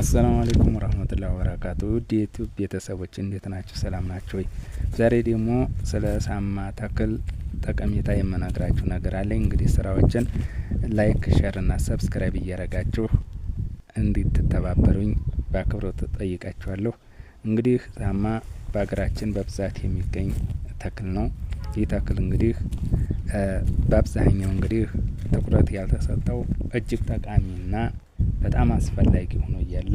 አሰላሙ አለይኩም ወራህመቱላሂ ወበረካቱ ዩቲዩብ ቤተሰቦች እንዴት ናቸው? ሰላም ናቸው ወይ? ዛሬ ደግሞ ስለ ሳማ ተክል ጠቀሜታ የምነግራችሁ ነገር አለ እንግዲህ ስራዎችን ላይክ፣ ሼር ና ሰብስክራይብ እያረጋችሁ እንድትተባበሩኝ በአክብሮት ጠይቃችኋለሁ። እንግዲህ ሳማ በሀገራችን በብዛት የሚገኝ ተክል ነው። ይህ ተክል እንግዲህ በአብዛኛው እንግዲህ ትኩረት ያልተሰጠው እጅግ ጠቃሚና በጣም አስፈላጊ ሆኖ እያለ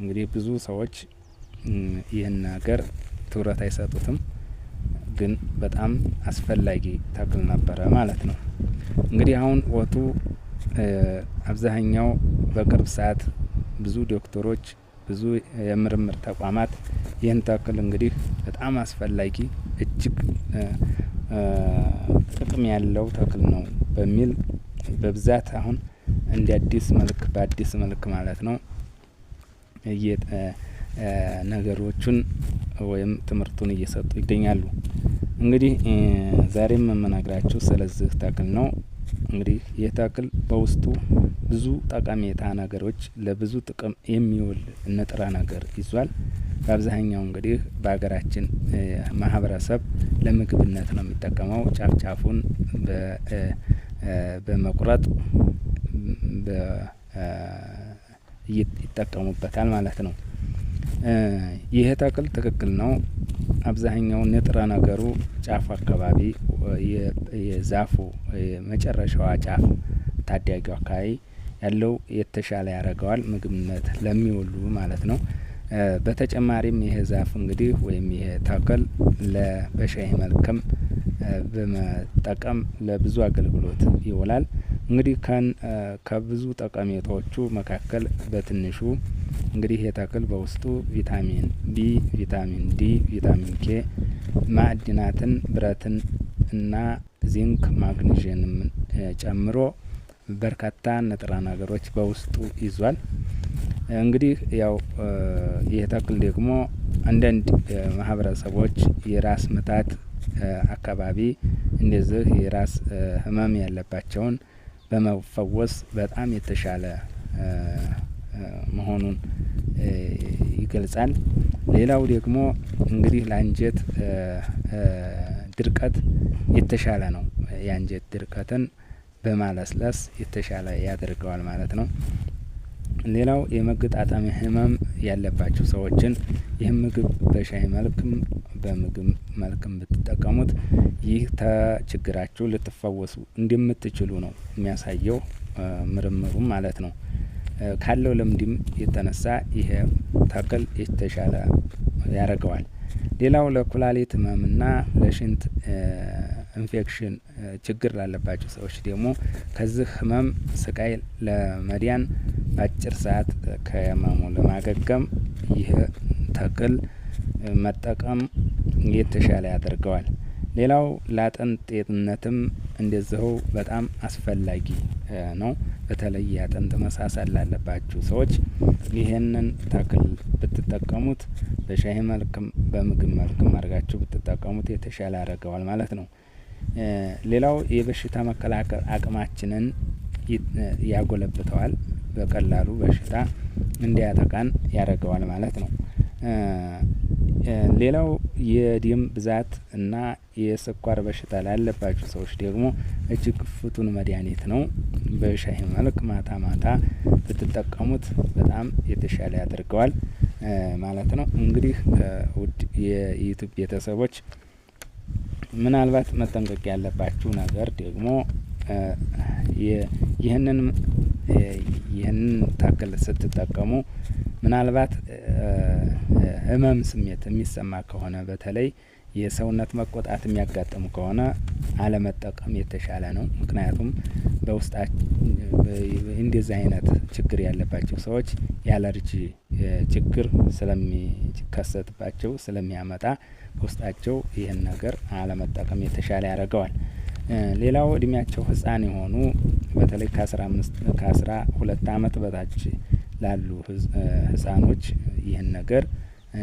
እንግዲህ ብዙ ሰዎች ይህን ነገር ትኩረት አይሰጡትም፣ ግን በጣም አስፈላጊ ተክል ነበረ ማለት ነው። እንግዲህ አሁን ወጡ አብዛኛው በቅርብ ሰዓት ብዙ ዶክተሮች፣ ብዙ የምርምር ተቋማት ይህን ተክል እንግዲህ በጣም አስፈላጊ እጅግ ጥቅም ያለው ተክል ነው በሚል በብዛት አሁን እንደ አዲስ መልክ በአዲስ መልክ ማለት ነው ነገሮቹን ወይም ትምህርቱን እየሰጡ ይገኛሉ። እንግዲህ ዛሬም የምነግራችሁ ስለዚህ ተክል ነው። እንግዲህ ይህ ተክል በውስጡ ብዙ ጠቀሜታ ነገሮች ለብዙ ጥቅም የሚውል ንጥረ ነገር ይዟል። በአብዛኛው እንግዲህ በሀገራችን ማህበረሰብ ለምግብነት ነው የሚጠቀመው። ጫፍ ጫፉን በመቁረጥ ይጠቀሙበታል ማለት ነው። ይህ ተክል ትክክል ነው። አብዛኛው ንጥረ ነገሩ ጫፉ አካባቢ የዛፉ የመጨረሻዋ ጫፍ ታዳጊው አካባቢ ያለው የተሻለ ያደርገዋል ምግብነት ለሚውሉ ማለት ነው። በተጨማሪም ይሄ ዛፍ እንግዲህ ወይም ይሄ ተክል ለበሻይ መልክም በመጠቀም ለብዙ አገልግሎት ይውላል። እንግዲህ ከብዙ ጠቀሜታዎቹ መካከል በትንሹ እንግዲህ ይሄ ተክል በውስጡ ቪታሚን ቢ፣ ቪታሚን ዲ፣ ቪታሚን ኬ፣ ማዕድናትን፣ ብረትን እና ዚንክ ማግኒዥንም ጨምሮ በርካታ ንጥረ ነገሮች በውስጡ ይዟል። እንግዲህ ያው ይህ ተክል ደግሞ አንዳንድ ማህበረሰቦች የራስ ምታት አካባቢ እንደዚህ የራስ ህመም ያለባቸውን በመፈወስ በጣም የተሻለ መሆኑን ይገልጻል። ሌላው ደግሞ እንግዲህ ለአንጀት ድርቀት የተሻለ ነው። የአንጀት ድርቀትን በማለስለስ የተሻለ ያደርገዋል ማለት ነው። ሌላው የመገጣጠሚያ ህመም ያለባቸው ሰዎችን ይህም ምግብ በሻይ መልክም በምግብ መልክ ብትጠቀሙት ይህ ተችግራችሁ ልትፈወሱ እንደምትችሉ ነው የሚያሳየው ምርምሩ ማለት ነው። ካለው ልምድም የተነሳ ይሄ ተክል የተሻለ ያደርገዋል። ሌላው ለኩላሊት ህመምና ለሽንት ኢንፌክሽን ችግር ላለባቸው ሰዎች ደግሞ ከዚህ ህመም ስቃይ ለመዳን በአጭር ሰዓት ከህመሙ ለማገገም ይህ ተክል መጠቀም የተሻለ ያደርገዋል። ሌላው ለአጥንት ጤንነትም እንደዚሁ በጣም አስፈላጊ ነው። በተለይ የአጥንት መሳሳል ላለባችሁ ሰዎች ይህንን ተክል ብትጠቀሙት በሻይ መልክም በምግብ መልክም አድርጋችሁ ብትጠቀሙት የተሻለ ያደርገዋል ማለት ነው። ሌላው የበሽታ መከላከል አቅማችንን ያጎለብተዋል። በቀላሉ በሽታ እንዲያጠቃን ያደርገዋል ማለት ነው። ሌላው የደም ብዛት እና የስኳር በሽታ ላለባቸው ሰዎች ደግሞ እጅግ ፍቱን መድኃኒት ነው። በሻይ መልክ ማታ ማታ ብትጠቀሙት በጣም የተሻለ ያደርገዋል ማለት ነው። እንግዲህ ውድ የዩቱብ ቤተሰቦች ምናልባት መጠንቀቅ ያለባችሁ ነገር ደግሞ ይህንን ይህንን ታክል ስትጠቀሙ ምናልባት ህመም ስሜት የሚሰማ ከሆነ በተለይ የሰውነት መቆጣት የሚያጋጥም ከሆነ አለመጠቀም የተሻለ ነው። ምክንያቱም በውስጣ እንደዚህ አይነት ችግር ያለባቸው ሰዎች የአለርጂ ችግር ስለሚከሰትባቸው ስለሚያመጣ በውስጣቸው ይህን ነገር አለመጠቀም የተሻለ ያደርገዋል። ሌላው እድሜያቸው ህጻን የሆኑ በተለይ ከአስራ አምስት ከአስራ ሁለት አመት በታች ላሉ ህጻኖች ይህን ነገር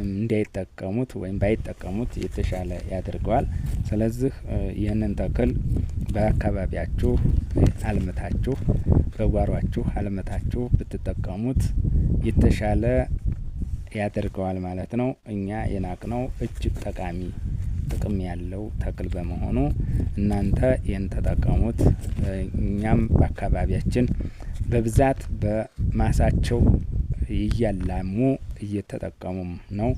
እንዳይጠቀሙት ወይም ባይጠቀሙት የተሻለ ያደርገዋል። ስለዚህ ይህንን ተክል በአካባቢያችሁ አልምታችሁ በጓሯችሁ አልምታችሁ ብትጠቀሙት የተሻለ ያደርገዋል ማለት ነው። እኛ የናቅነው እጅግ ጠቃሚ ጥቅም ያለው ተክል በመሆኑ እናንተ ይህን ተጠቀሙት። እኛም በአካባቢያችን በብዛት በማሳቸው እያላሙ እየተጠቀሙም ነው።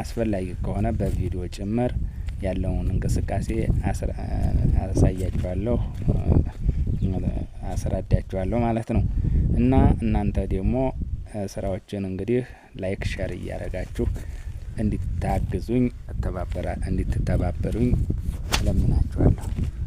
አስፈላጊ ከሆነ በቪዲዮ ጭምር ያለውን እንቅስቃሴ አሳያችኋለሁ፣ አስረዳችኋለሁ ማለት ነው እና እናንተ ደግሞ ስራዎችን እንግዲህ ላይክ ሸር እያደረጋችሁ እንዲታግዙኝ እንዲትተባበሩኝ እለምናችኋለሁ።